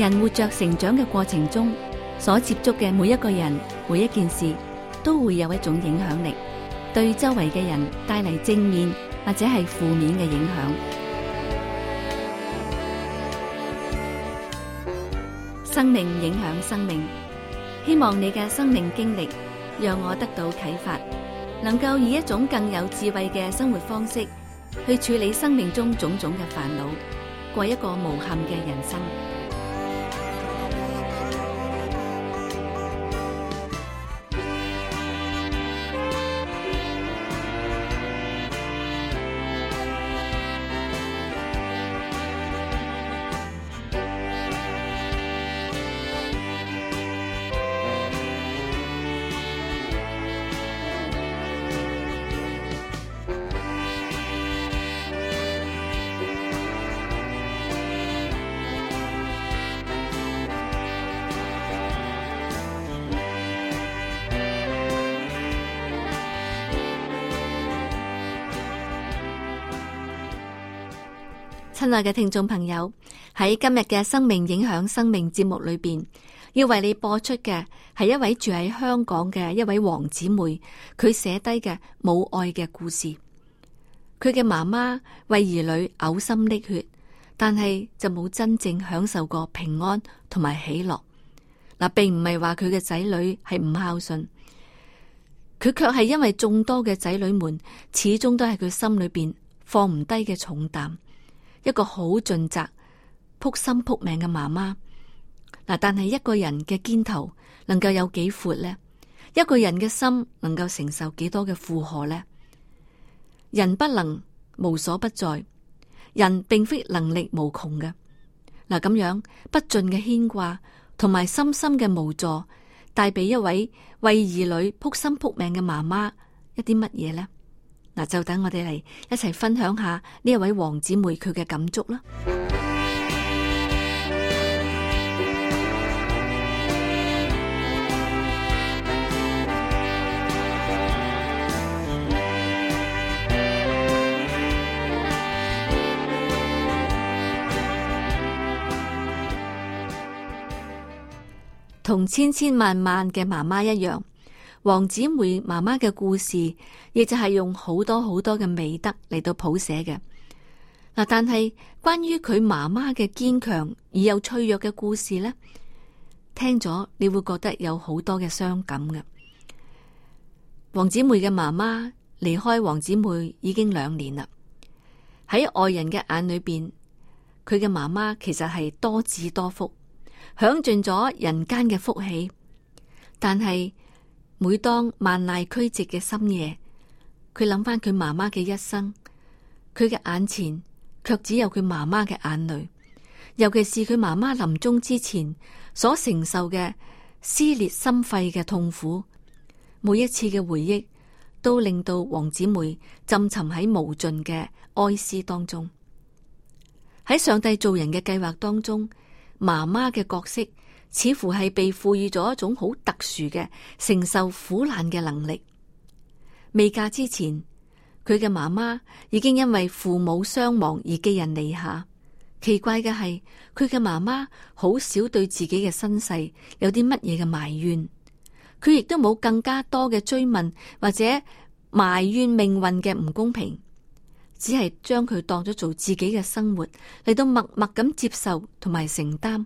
人活着成長嘅過程中，所接觸嘅每一個人、每一件事，都會有一種影響力，對周圍嘅人帶嚟正面或者係負面嘅影響。 生命影響生命，希望你嘅生命經歷讓我得到啟發，能夠以一種更有智慧嘅生活方式去處理生命中種種嘅煩惱，過一個無憾嘅人生。親愛嘅聽眾朋友，喺今日嘅生命影響生命節目裏邊，要為你播出嘅係一位住喺香港嘅一位黃姊妹，佢寫低嘅母愛嘅故事。佢嘅媽媽為兒女嘔心瀝血，但係就冇真正享受過平安同埋喜樂嗱，並唔係話佢嘅仔女係唔孝順，佢卻係因為眾多嘅仔女們始終都係佢心裏邊放唔低嘅重擔。一個好盡責、撲心撲命嘅媽媽，嗱，但係一個人嘅肩頭能夠有幾闊呢？一個人嘅心能夠承受幾多嘅負荷呢？人不能無所不在，人並非能力無窮嘅。嗱，咁樣不盡嘅牽掛同埋深深嘅無助，帶俾一位為兒女撲心撲命嘅媽媽一啲乜嘢呢？嗱，就等我哋嚟一齊分享下呢一位黃姊妹佢嘅感觸啦。同千千萬萬嘅媽媽一樣。黃子妹媽媽嘅故事，亦就係用好多好多嘅美德嚟到譜寫嘅。嗱，但係關於佢媽媽嘅堅強而又脆弱嘅故事呢，聽咗你會覺得有好多嘅傷感嘅。黃子妹嘅媽媽離開黃子妹已經兩年啦，喺外人嘅眼裏邊，佢嘅媽媽其實係多子多福，享盡咗人間嘅福氣，但係。每當萬籟俱寂嘅深夜，佢諗翻佢媽媽嘅一生，佢嘅眼前卻只有佢媽媽嘅眼淚。尤其是佢媽媽臨終之前所承受嘅撕裂心肺嘅痛苦，每一次嘅回憶都令到王姊妹浸沉喺無盡嘅哀思當中。喺上帝造人嘅計劃當中，媽媽嘅角色，似乎係被賦予咗一種好特殊嘅承受苦難嘅能力。未嫁之前，佢嘅媽媽已經因為父母傷亡而寄人籬下。奇怪嘅係，佢嘅媽媽好少對自己嘅身世有啲乜嘢嘅埋怨。佢亦都冇更加多嘅追問或者埋怨。命運嘅唔公平，只係將佢當咗做自己嘅生活嚟到默默咁接受同埋承擔。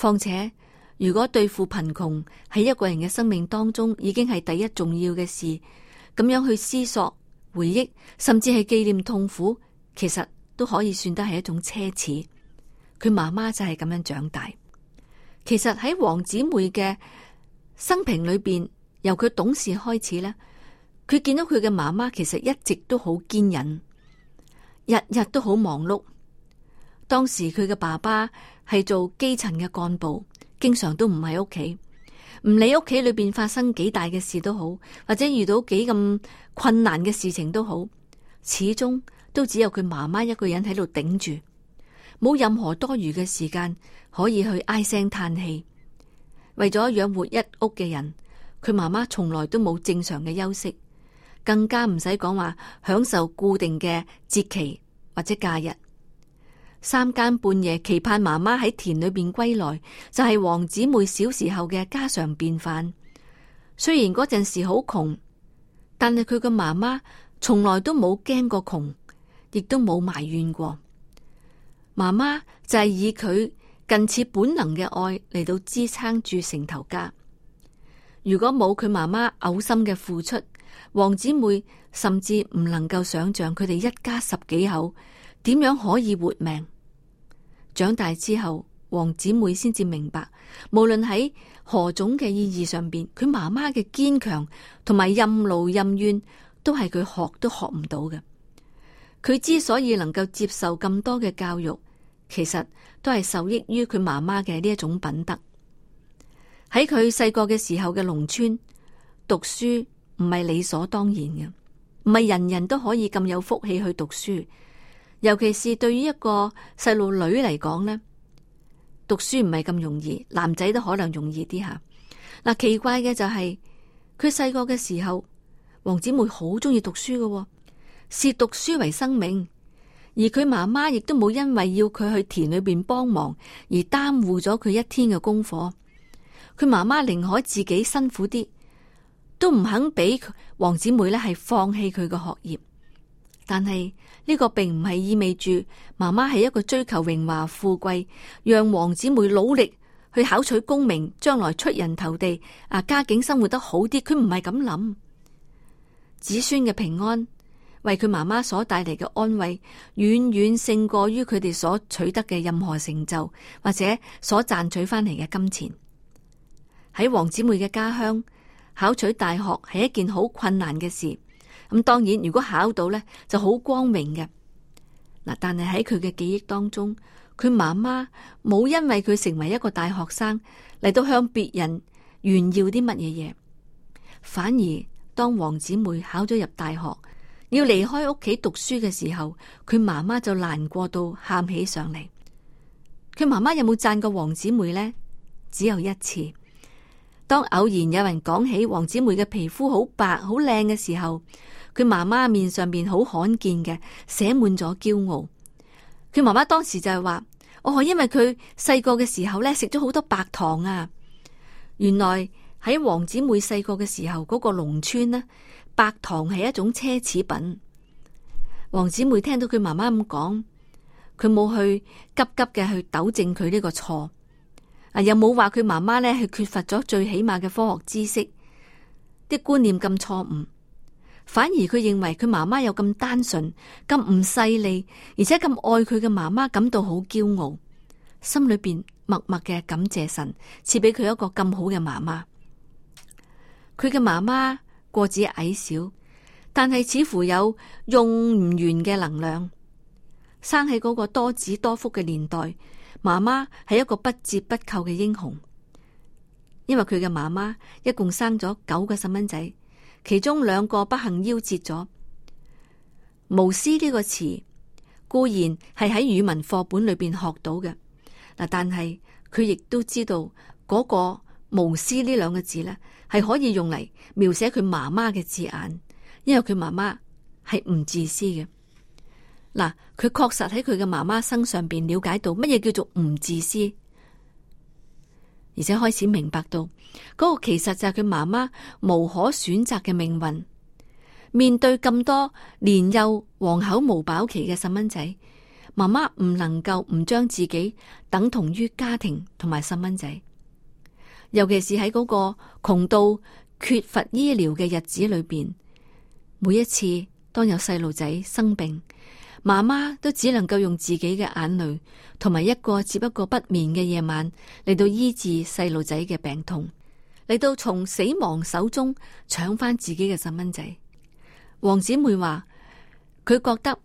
況且，如果對付貧窮喺一個人嘅生命當中已經係第一重要嘅事，咁樣去思索、回憶，甚至係紀念痛苦，其實都可以算得係一種奢侈。佢媽媽就係咁樣長大。其實喺王姊妹嘅生平裏邊，由佢懂事開始咧，佢見到佢嘅媽媽其實一直都好堅忍，日日都好忙碌。當時佢嘅爸爸係做基層嘅幹部，經常都唔喺屋企，唔理屋企裏邊發生幾大嘅事都好，或者遇到幾咁困難嘅事情都好，始終都只有佢媽媽一個人喺度頂住，冇任何多餘嘅時間可以去唉聲嘆氣。為咗養活一屋嘅人，佢媽媽從來都冇正常嘅休息，更加唔使講話享受固定嘅節期或者假日。三更半夜期盼媽媽喺田裏邊歸來，就係黃姊妹小時候嘅家常便飯雖然嗰陣時好窮，但係佢嘅媽媽從來都冇驚過窮，亦都冇埋怨過。媽媽就係以佢近似本能嘅愛嚟到支撐住成頭家。如果冇佢媽媽嘔心嘅付出，黃姊妹甚至唔能夠想象佢哋一家十幾口。點樣可以活命？長大之後，王姊妹先至明白，無論喺何種嘅意義上邊，佢媽媽嘅堅強同埋任勞任怨都係佢學都學唔到嘅。佢之所以能夠接受咁多嘅教育，其實都係受益於佢媽媽嘅呢一種品德。喺佢細個嘅時候嘅農村，讀書唔係理所當然嘅，唔係人人都可以咁有福氣去讀書。尤其是對於一個細路女嚟講呢，讀書唔係咁容易，男仔都可能容易啲吓。嗱，奇怪嘅就係佢細個嘅時候，黃姊妹好中意讀書噶，視讀書為生命，而佢媽媽亦都冇因為要佢去田裏邊幫忙而耽誤咗佢一天嘅功課。佢媽媽寧可自己辛苦啲，都唔肯俾黃姊妹咧係放棄佢個學業，但係，呢個並唔係意味住媽媽係一個追求榮華富貴，讓王子妹努力去考取功名，將來出人頭地，啊家境生活得好啲。佢唔係咁諗，子孫嘅平安為佢媽媽所帶嚟嘅安慰，遠遠勝過於佢哋所取得嘅任何成就或者所賺取翻嚟嘅金錢。喺王子妹嘅家鄉，考取大學係一件好困難嘅事。咁當然，如果考到呢就好光榮嘅。嗱，但係喺佢嘅記憶當中，佢媽媽冇因為佢成為一個大學生嚟到向別人炫耀啲乜嘢嘢，反而當黃姊妹考咗入大學，要離開屋企讀書嘅時候，佢媽媽就難過到喊起上嚟。佢媽媽有冇讚過黃姊妹呢？只有一次，當偶然有人講起黃姊妹嘅皮膚好白好靚嘅時候。佢媽媽面上面好罕見嘅，寫滿咗驕傲。佢媽媽當時就係話，我，因為佢細個嘅時候咧，食咗好多白糖啊。原來喺黃子妹細個嘅時候，嗰個農村呢，白糖係一種奢侈品。黃子妹聽到佢媽媽咁講，佢冇去急急嘅去糾正佢呢個錯，啊，又冇話佢媽媽咧係缺乏咗最起碼嘅科學知識，啲觀念咁錯誤。反而佢認為佢媽媽有咁單純、咁唔勢利，而且咁愛佢嘅媽媽，感到好驕傲。心裏邊默默嘅感謝神賜俾佢一個咁好嘅媽媽。佢嘅媽媽個子矮小，但係似乎有用唔完嘅能量。生喺嗰個多子多福嘅年代，媽媽係一個不折不扣嘅英雄。因為佢嘅媽媽一共生咗九個細蚊仔。其中兩個不幸夭折咗。無私呢個詞固然係喺語文課本裏邊學到嘅嗱，但係佢亦都知道嗰個無私呢兩個字咧係可以用嚟描寫佢媽媽嘅字眼，因為佢媽媽係唔自私嘅嗱，佢確實喺佢嘅媽媽身上邊了解到乜嘢叫做唔自私。而且開始明白到嗰個其實就係佢媽媽無可選擇嘅命運。面對咁多年幼，黃口無飽期嘅細蚊仔，媽媽唔能夠唔將自己等同於家庭同埋細蚊仔，尤其是喺嗰個窮到缺乏醫療嘅日子裏邊，每一次當有細路仔生病，媽媽都只能夠用自己嘅眼淚同埋一個接一個不眠嘅夜晚嚟到醫治細路仔嘅病痛，嚟到從死亡手中搶翻自己嘅細蚊仔。黃姊妹話：佢覺得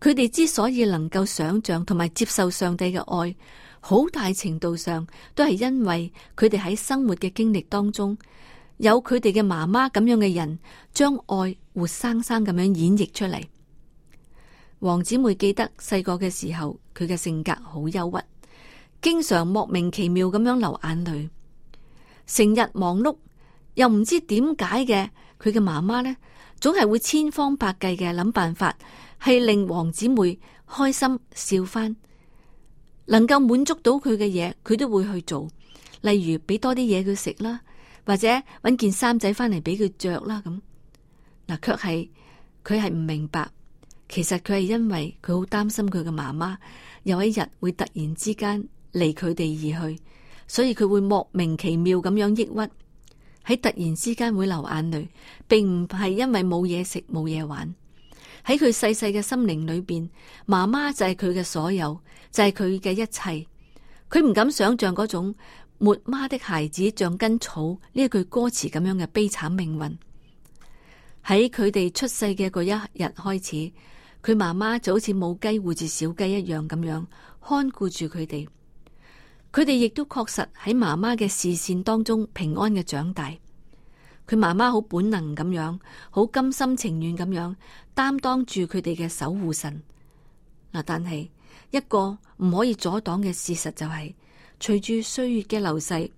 佢哋之所以能夠想象同埋接受上帝嘅愛，好大程度上都係因為佢哋喺生活嘅經歷當中，有佢哋嘅媽媽咁樣嘅人將愛活生生咁樣演繹出嚟。黃姊妹記得細個嘅時候，佢嘅性格好憂鬱，經常莫名其妙咁樣流眼淚，成日忙碌，又唔知點解嘅。佢嘅媽媽呢，總係會千方百計嘅諗辦法，係令黃姊妹開心笑翻，能夠滿足到佢嘅嘢，佢都會去做，例如俾多啲嘢佢食啦，或者搵件衫仔翻嚟俾佢着啦咁。嗱，卻係，佢係唔明白。其實佢係因為佢好擔心佢嘅媽媽有一日會突然之間離佢哋而去，所以佢會莫名其妙咁樣抑鬱，喺突然之間會流眼淚，並唔係因為冇嘢食冇嘢玩。喺佢細細嘅心靈裏邊，媽媽就係佢嘅所有，就係佢嘅一切。佢唔敢想象嗰種沒媽的孩子像根草呢一句歌詞咁樣嘅悲慘命運。喺佢哋出世嘅嗰一日開始。佢媽媽就好似母雞護住小雞一樣咁樣看顧住佢哋，佢哋亦都確實喺媽媽嘅視線當中平安嘅長大。佢媽媽好本能咁樣，好甘心情願咁樣擔當住佢哋嘅守護神。嗱，但係一個唔可以阻擋嘅事實就係，隨住歲月嘅流逝，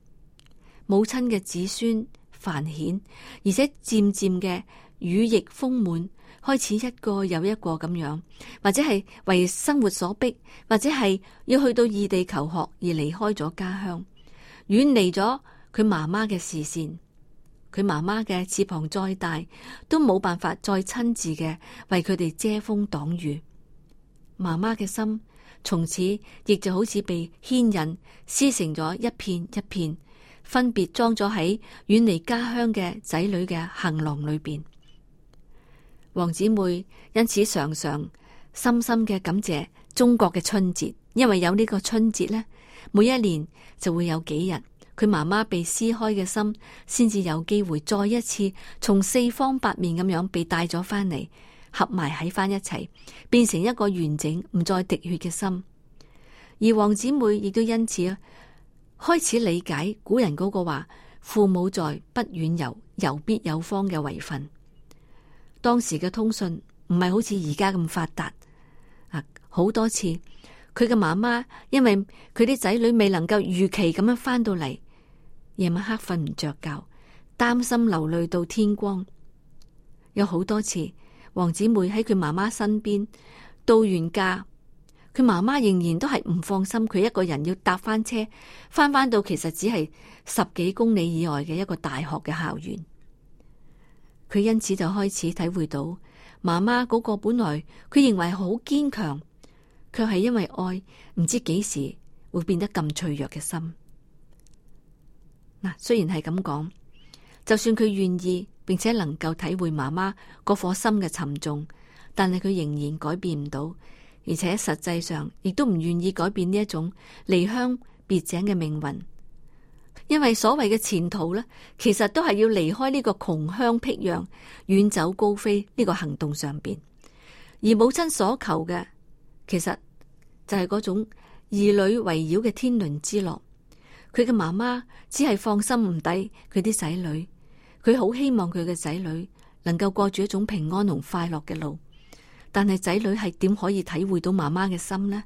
母親嘅子孫繁衍，而且漸漸嘅羽翼豐滿。開始一個又一個咁樣，或者係為生活所迫，或者係要去到異地求學而離開咗家鄉，遠離咗佢媽媽嘅視線，佢媽媽嘅翅膀再大，都冇辦法再親自嘅為佢哋遮風擋雨。媽媽嘅心，從此亦就好似被牽引，撕成咗一片一片，分別裝咗喺遠離家鄉嘅仔女嘅行囊裏面。王姊妹，因此常常深深嘅感謝中國嘅春節，因為有呢個春節咧，每一年就會有幾日佢媽媽被撕開嘅心，先至有機會再一次從四方八面咁樣被帶咗翻嚟，合埋喺翻一齊，變成一個完整唔再滴血嘅心。而王姊妹亦都因此開始理解古人嗰個話：父母在不，不遠遊，遊必有方嘅遺訓。當時嘅通訊唔係好似而家咁發達，好多次佢嘅媽媽因為佢啲仔女未能夠如期咁樣翻到嚟，夜晚黑瞓唔着覺，擔心流淚到天光。有好多次，黃姊妹喺佢媽媽身邊到完假，佢媽媽仍然都係唔放心佢一個人要搭翻車，翻翻到其實只係十幾公里以外嘅一個大學嘅校園。佢因此就開始體會到媽媽嗰個本來佢認為好堅強，卻係因為愛唔知幾時會變得咁脆弱嘅心。嗱，雖然係咁講，就算佢願意並且能夠體會媽媽嗰顆心嘅沉重，但係佢仍然改變唔到，而且實際上亦都唔願意改變呢一種離鄉別井嘅命運。因為所謂嘅前途呢，其實都係要離開呢個窮鄉僻壤，遠走高飛呢個行動上邊。而母親所求嘅，其實就係嗰種兒女圍繞嘅天倫之樂。佢嘅媽媽只係放心唔低佢啲仔女，佢好希望佢嘅仔女能夠過住一種平安同快樂嘅路。但係仔女係點可以體會到媽媽嘅心呢？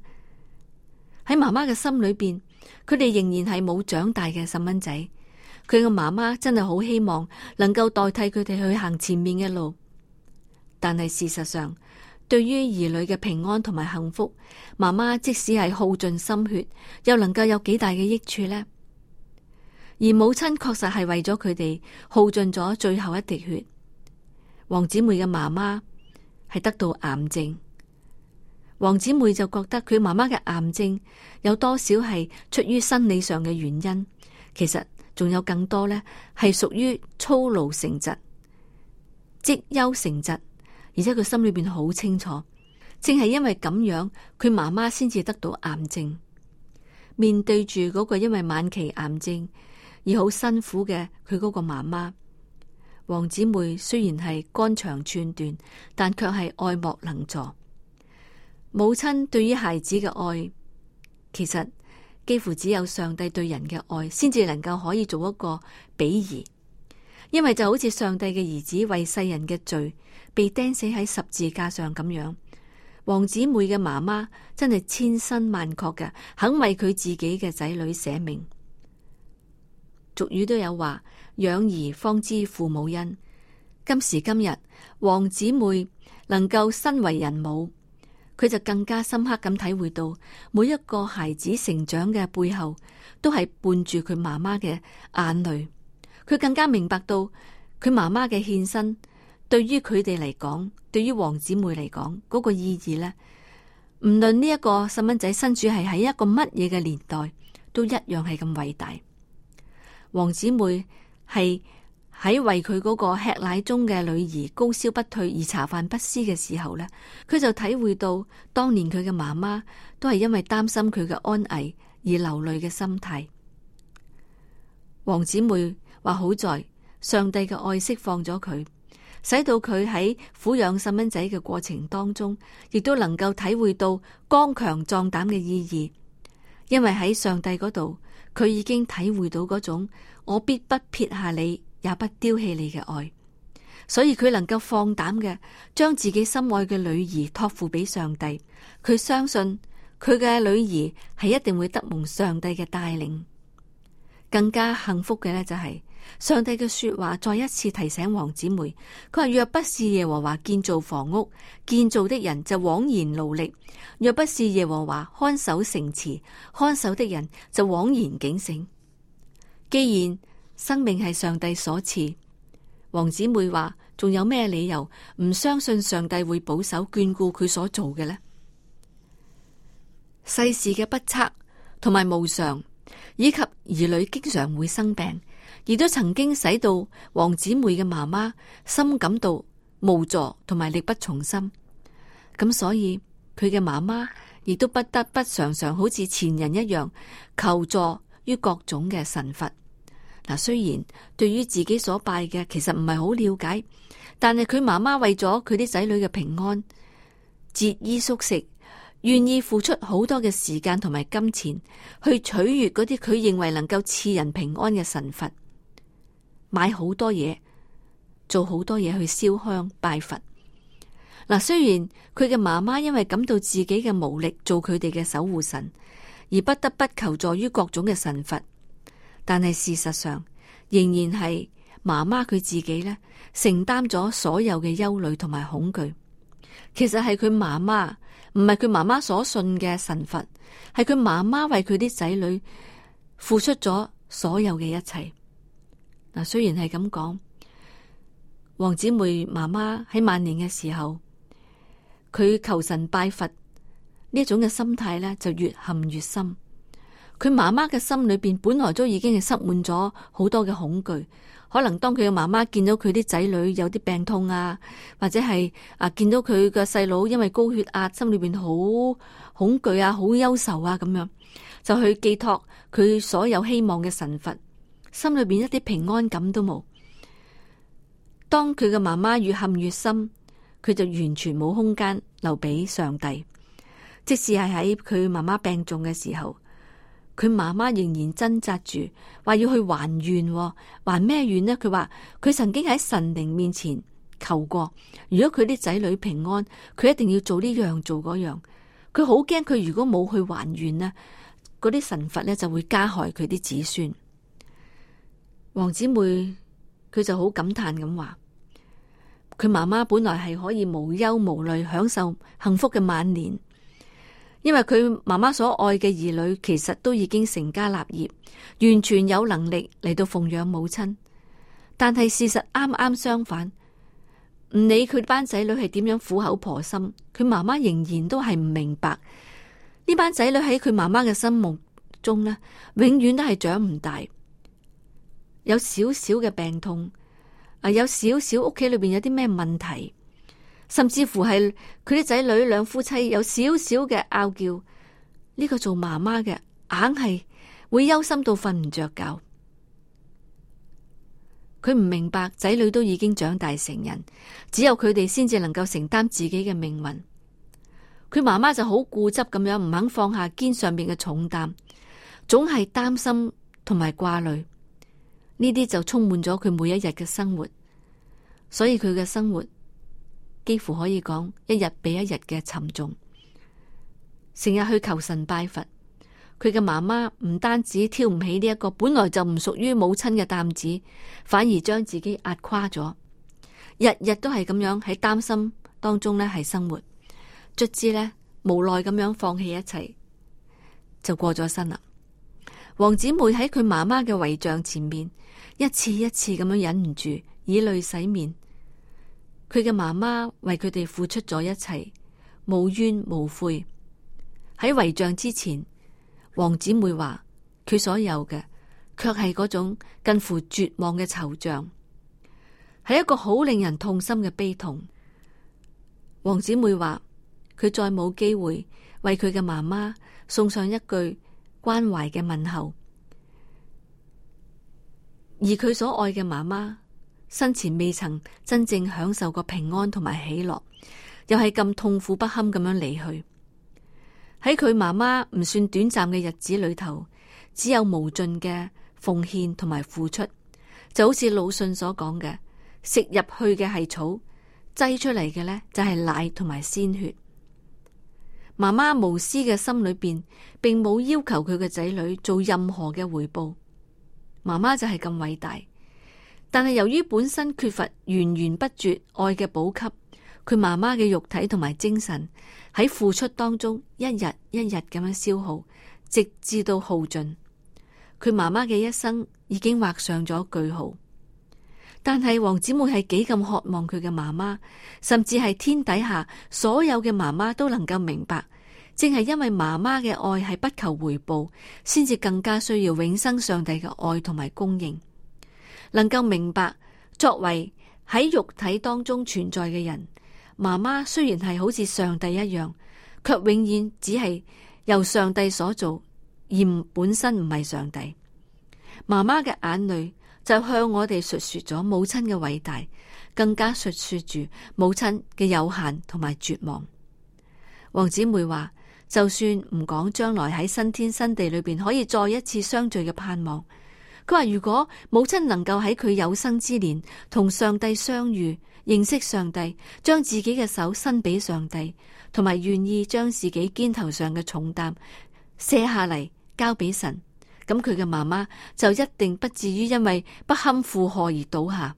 喺媽媽嘅心裏邊，佢哋仍然係冇長大嘅細蚊仔，佢個媽媽真係好希望能夠代替佢哋去行前面嘅路，但係事實上，對於兒女嘅平安同埋幸福，媽媽即使係耗盡心血，又能夠有幾大嘅益處呢？而母親確實係為咗佢哋耗盡咗最後一滴血。黃姊妹嘅媽媽係得到癌症。黃姊妹就覺得佢媽媽嘅癌症有多少係出於生理上嘅原因，其實仲有更多呢係屬於操勞成疾、積憂成疾，而且佢心裏邊好清楚，正係因為咁樣，佢媽媽先至得到癌症。面對住嗰個因為晚期癌症而好辛苦嘅佢嗰個媽媽，黃姊妹雖然係肝腸寸斷，但卻係愛莫能助。母親對於孩子嘅愛，其實幾乎只有上帝對人嘅愛，先至能夠可以做一個比擬。因為就好似上帝嘅兒子為世人嘅罪被釘死喺十字架上咁樣，王姊妹嘅媽媽真係千辛萬確嘅，肯為佢自己嘅仔女捨命。俗語都有話：養兒方知父母恩。今時今日，王姊妹能夠身為人母。佢就更加深刻咁體會到每一個孩子成長嘅背後都係伴住佢媽媽嘅眼淚。佢更加明白到佢媽媽嘅獻身對於佢哋嚟講，對於黃姐妹嚟講嗰個意義咧，唔論呢一個細蚊仔身處係喺一個乜嘢嘅年代，都一樣係咁偉大。黃姐妹係喺為佢嗰個吃奶中嘅女兒高燒不退而茶飯不思嘅時候呢，佢就體會到當年佢嘅媽媽都係因為擔心佢嘅安危而流淚嘅心態。黃姊妹話：好在上帝嘅愛釋放咗佢，使到佢喺撫養細蚊仔嘅過程當中，亦都能夠體會到剛強壯膽嘅意義。因為喺上帝嗰度，佢已經體會到嗰種我必不撇下你也不丟棄你嘅愛，所以佢能夠放膽嘅將自己心愛嘅女兒託付俾上帝。佢相信佢嘅女兒係一定會得蒙上帝嘅帶領。更加幸福嘅呢、就是，就係上帝嘅說話再一次提醒王姊妹，佢話若不是耶和華建造房屋，建造的人就枉然勞力；若不是耶和華看守城池，看守的人就枉然警醒。既然生命係上帝所賜，王姊妹話：仲有咩理由唔相信上帝會保守眷顧佢所做嘅呢？世事嘅不測同埋無常，以及兒女經常會生病，亦都曾經使到王姊妹嘅媽媽深感到無助同埋力不從心。咁所以佢嘅媽媽亦都不得不常常好似前人一樣求助於各種嘅神佛。嗱，雖然對於自己所拜嘅其實唔係好了解，但係佢媽媽為咗佢啲仔女嘅平安，節衣縮食，願意付出好多嘅時間同埋金錢去取悅嗰啲佢認為能夠賜人平安嘅神佛，買好多嘢，做好多嘢去燒香拜佛。嗱，雖然佢嘅媽媽因為感到自己嘅無力做佢哋嘅守護神，而不得不求助於各種嘅神佛。但係事實上，仍然係媽媽佢自己咧承擔咗所有嘅憂慮同埋恐懼。其實係佢媽媽，唔係佢媽媽所信嘅神佛，係佢媽媽為佢啲仔女付出咗所有嘅一切。嗱，雖然係咁講，王姊妹媽媽喺晚年嘅時候，佢求神拜佛呢一種嘅心態咧，就越陷越深。佢媽媽嘅心裏邊本來都已經係塞滿咗好多嘅恐懼，可能當佢嘅媽媽見到佢啲仔女有啲病痛啊，或者係啊見到佢嘅細佬因為高血壓，心裏邊好恐懼啊，好憂愁啊，咁樣就去寄託佢所有希望嘅神佛，心裏邊一啲平安感都冇。當佢嘅媽媽越陷越深，佢就完全冇空間留俾上帝，即使係喺佢媽媽病重嘅時候。佢媽媽仍然掙扎住，話要去還願。哦，還咩願呢？佢話佢曾經喺神靈面前求過，如果佢啲仔女平安，佢一定要做呢樣做嗰樣。佢好驚佢如果冇去還願呢，嗰啲神佛呢就會加害佢啲子孫。黃姐妹佢就好感嘆咁話，佢媽媽本來係可以無憂無慮享受幸福嘅晚年。因為佢媽媽所愛嘅兒女其實都已經成家立業，完全有能力嚟到奉養母親，但係事實啱啱相反，唔理佢班仔女係點樣苦口婆心，佢媽媽仍然都係唔明白，呢班仔女喺佢媽媽嘅心目中呢，永遠都係長唔大，有少少嘅病痛，啊，有少少屋企裏邊有啲咩問題。甚至乎係佢啲仔女兩夫妻有少少嘅拗叫，呢個做媽媽嘅硬係會憂心到瞓唔着覺。佢唔明白仔女都已經長大成人，只有佢哋先至能夠承擔自己嘅命運。佢媽媽就好固執咁樣唔肯放下肩上邊嘅重擔，總係擔心同埋掛慮。呢啲就充滿咗佢每一日嘅生活，所以佢嘅生活。幾乎可以講，一日比一日嘅沉重，成日去求神拜佛。佢嘅媽媽唔單止挑唔起呢一個本來就唔屬於母親嘅擔子，反而將自己壓垮咗。日日都係咁樣喺擔心當中呢係生活，卒之呢無奈咁樣放棄一切，就過咗身啦。王子梅喺佢媽媽嘅遺像前面，一次一次咁樣忍唔住以淚洗面。佢嘅媽媽為佢哋付出咗一切，無怨無悔。喺遺像之前，王姊妹話佢所有嘅，卻係嗰種近乎絕望嘅惆悵，係一個好令人痛心嘅悲痛。王姊妹話佢再冇機會為佢嘅媽媽送上一句關懷嘅問候，而佢所愛嘅媽媽。生前未曾真正享受過平安同埋喜樂，又係咁痛苦不堪咁樣離去。喺佢媽媽唔算短暫嘅日子裏頭，只有無盡嘅奉獻同埋付出，就好似魯迅所講嘅：食入去嘅係草，擠出嚟嘅呢就係奶同埋鮮血。媽媽無私嘅心裏邊，並冇要求佢嘅仔女做任何嘅回報。媽媽就係咁偉大。但係由於本身缺乏源源不絕愛嘅補給，佢媽媽嘅肉體同埋精神喺付出當中，一日一日咁樣消耗，直至到耗盡。佢媽媽嘅一生已經畫上咗句號。但係王姊妹係幾咁渴望佢嘅媽媽，甚至係天底下所有嘅媽媽都能夠明白，正係因為媽媽嘅愛係不求回報，先至更加需要永生上帝嘅愛同埋供應。能夠明白，作為喺肉體當中存在嘅人，媽媽雖然係好似上帝一樣，卻永遠只係由上帝所做，而本身唔係上帝。媽媽嘅眼淚就向我哋述說咗母親嘅偉大，更加述說住母親嘅有限同埋絕望。王姊妹話：就算唔講將來喺新天新地裏邊可以再一次相聚嘅盼望。佢話，如果母親能夠喺佢有生之年同上帝相遇，認識上帝，將自己嘅手伸俾上帝，同埋願意將自己肩頭上嘅重擔卸下嚟交俾神，咁佢嘅媽媽就一定不至於因為不堪負荷而倒下。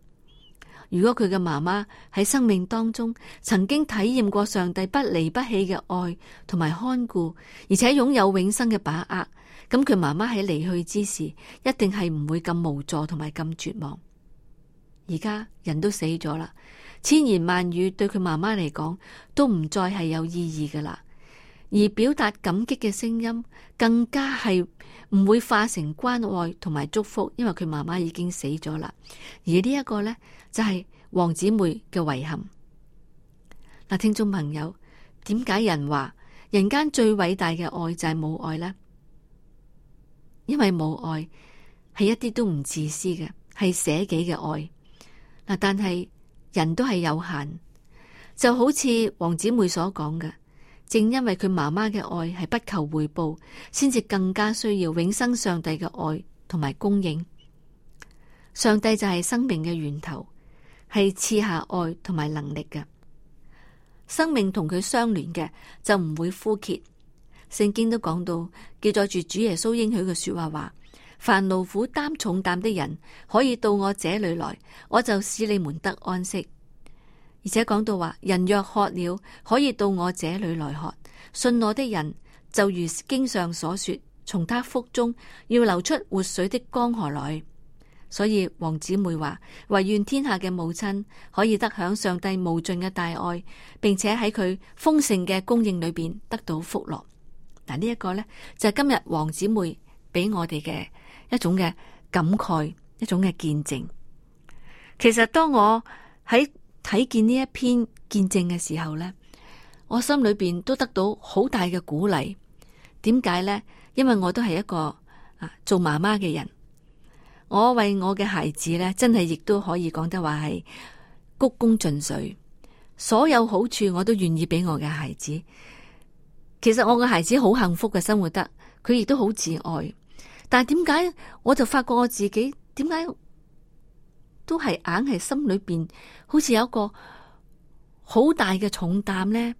如果佢嘅媽媽喺生命當中曾經體驗過上帝不離不棄嘅愛同埋看顧，而且擁有永生嘅把握。咁佢媽媽喺離去之時，一定係唔會咁無助同埋咁絕望。而家人都死咗啦，千言萬語對佢媽媽嚟講都唔再係有意義噶啦。而表達感激嘅聲音更加係唔會化成關愛同埋祝福，因為佢媽媽已經死咗啦。而呢一個呢，就係王姊妹嘅遺憾。嗱，聽眾朋友，點解人話人間最偉大嘅愛就係母愛呢？因為母愛係一啲都唔自私嘅，係捨己嘅愛。嗱，但係人都係有限，就好似王姊妹所講嘅，正因為佢媽媽嘅愛係不求回報，先至更加需要永生上帝嘅愛同埋供應。上帝就係生命嘅源頭，係賜下愛同埋能力嘅，生命同佢相連嘅就唔會枯竭。聖經都講到記載住主耶穌應許嘅說話說，話：，凡勞苦擔重擔的人可以到我這裏來，我就使你們得安息。而且講到話，人若渴了，可以到我這裏來喝。信我的人就如經上所說，從他腹中要流出活水的江河來。所以王姊妹話：，唯願天下嘅母親可以得享上帝無盡嘅大愛，並且喺佢豐盛嘅供應裏邊得到福樂。嗱，呢一個呢，就係今日黃姊妹俾我哋嘅一種嘅感慨，一種嘅見證。其實當我喺睇見呢一篇見證嘅時候呢，我心裏邊都得到好大嘅鼓勵。點解呢？因為我都係一個啊做媽媽嘅人，我為我嘅孩子呢，真係亦都可以講得話係鞠躬盡瘁，所有好處我都願意俾我嘅孩子。其實我嘅孩子好幸福嘅生活得，佢亦都好自愛。但係點解我就發覺我自己點解都係硬係心裏邊好似有一個好大嘅重擔呢？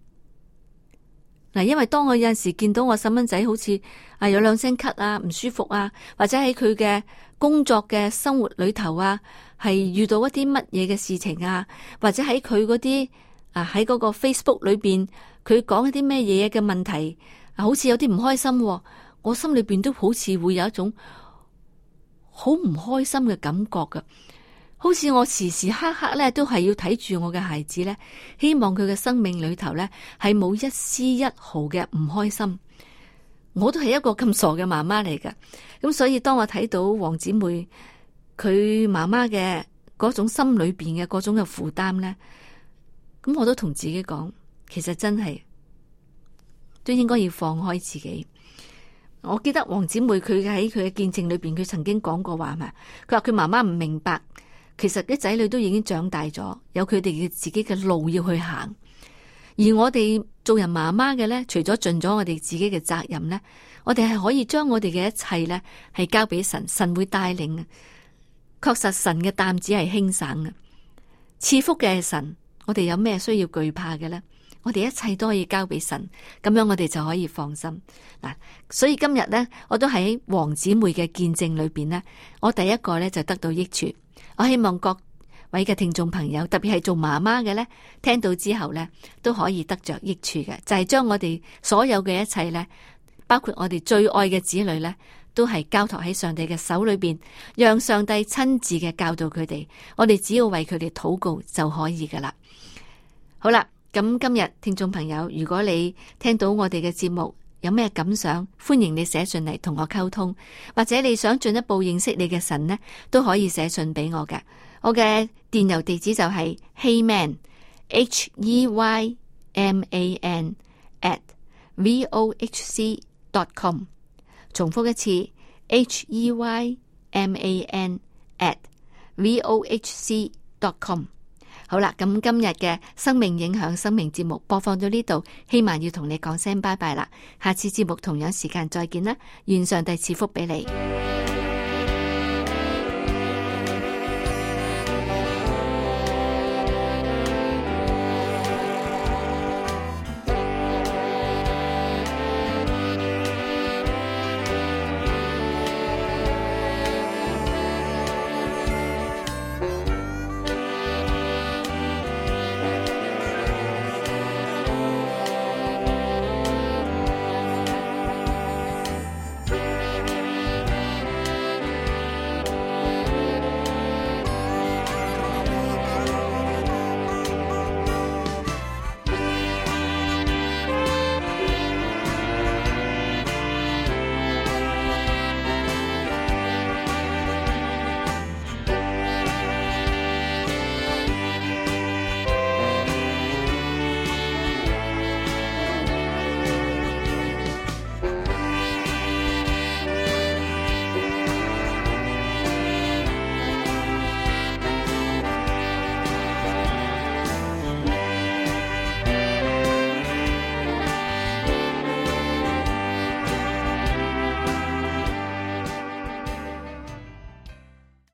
嗱，因為當我有陣時見到我細蚊仔好似啊有兩聲咳啊唔舒服啊，或者喺佢嘅工作嘅生活裏頭啊，係遇到一啲乜嘢嘅事情啊，或者喺佢嗰啲啊喺嗰個 Facebook 裏邊。佢講一啲咩嘢嘅問題，好似有啲唔開心，哦，我心裏邊都好似會有一種好唔開心嘅感覺噶，好似我時時刻刻咧都係要睇住我嘅孩子咧，希望佢嘅生命裏頭咧係冇一絲一毫嘅唔開心。我都係一個咁傻嘅媽媽嚟噶，咁所以當我睇到黃姐妹佢媽媽嘅嗰種心裏邊嘅嗰種嘅負擔咧，咁我都同自己講。其實真係都應該要放開自己。我記得黃姐妹佢喺佢嘅見證裏邊，佢曾經講過話嘛。佢話佢媽媽唔明白，其實啲仔女都已經長大咗，有佢哋嘅自己嘅路要去行。而我哋做人媽媽嘅咧，除咗盡咗我哋自己嘅責任咧，我哋係可以將我哋嘅一切咧係交俾神，神會帶領。確實神嘅擔子係輕省嘅，賜福嘅係神。我哋有咩需要懼怕嘅咧？我哋一切都可以交俾神，咁樣我哋就可以放心嗱。所以今日呢，我都喺王姊妹嘅見證裏邊呢，我第一個呢就得到益處。我希望各位嘅聽眾朋友，特別係做媽媽嘅呢，聽到之後呢，都可以得着益處嘅，就係將我哋所有嘅一切呢，包括我哋最愛嘅子女呢，都係交託喺上帝嘅手裏邊，讓上帝親自嘅教導佢哋。我哋只要為佢哋禱告就可以噶啦。好啦。咁今日聽眾朋友，如果你聽到我哋嘅節目有咩感想，歡迎你寫信嚟，同我溝通，或者你想進一步認識你嘅神呢，都可以寫信俾我嘅。我嘅電郵地址就係 Heyman，H E Y M A N at vohc.com。重複一次，H E Y M A N at vohc.com。好啦，咁今日嘅生命影響生命節目播放到呢度，希望要同你講聲拜拜啦。下次節目同樣時間再見啦，願上帝賜福俾你。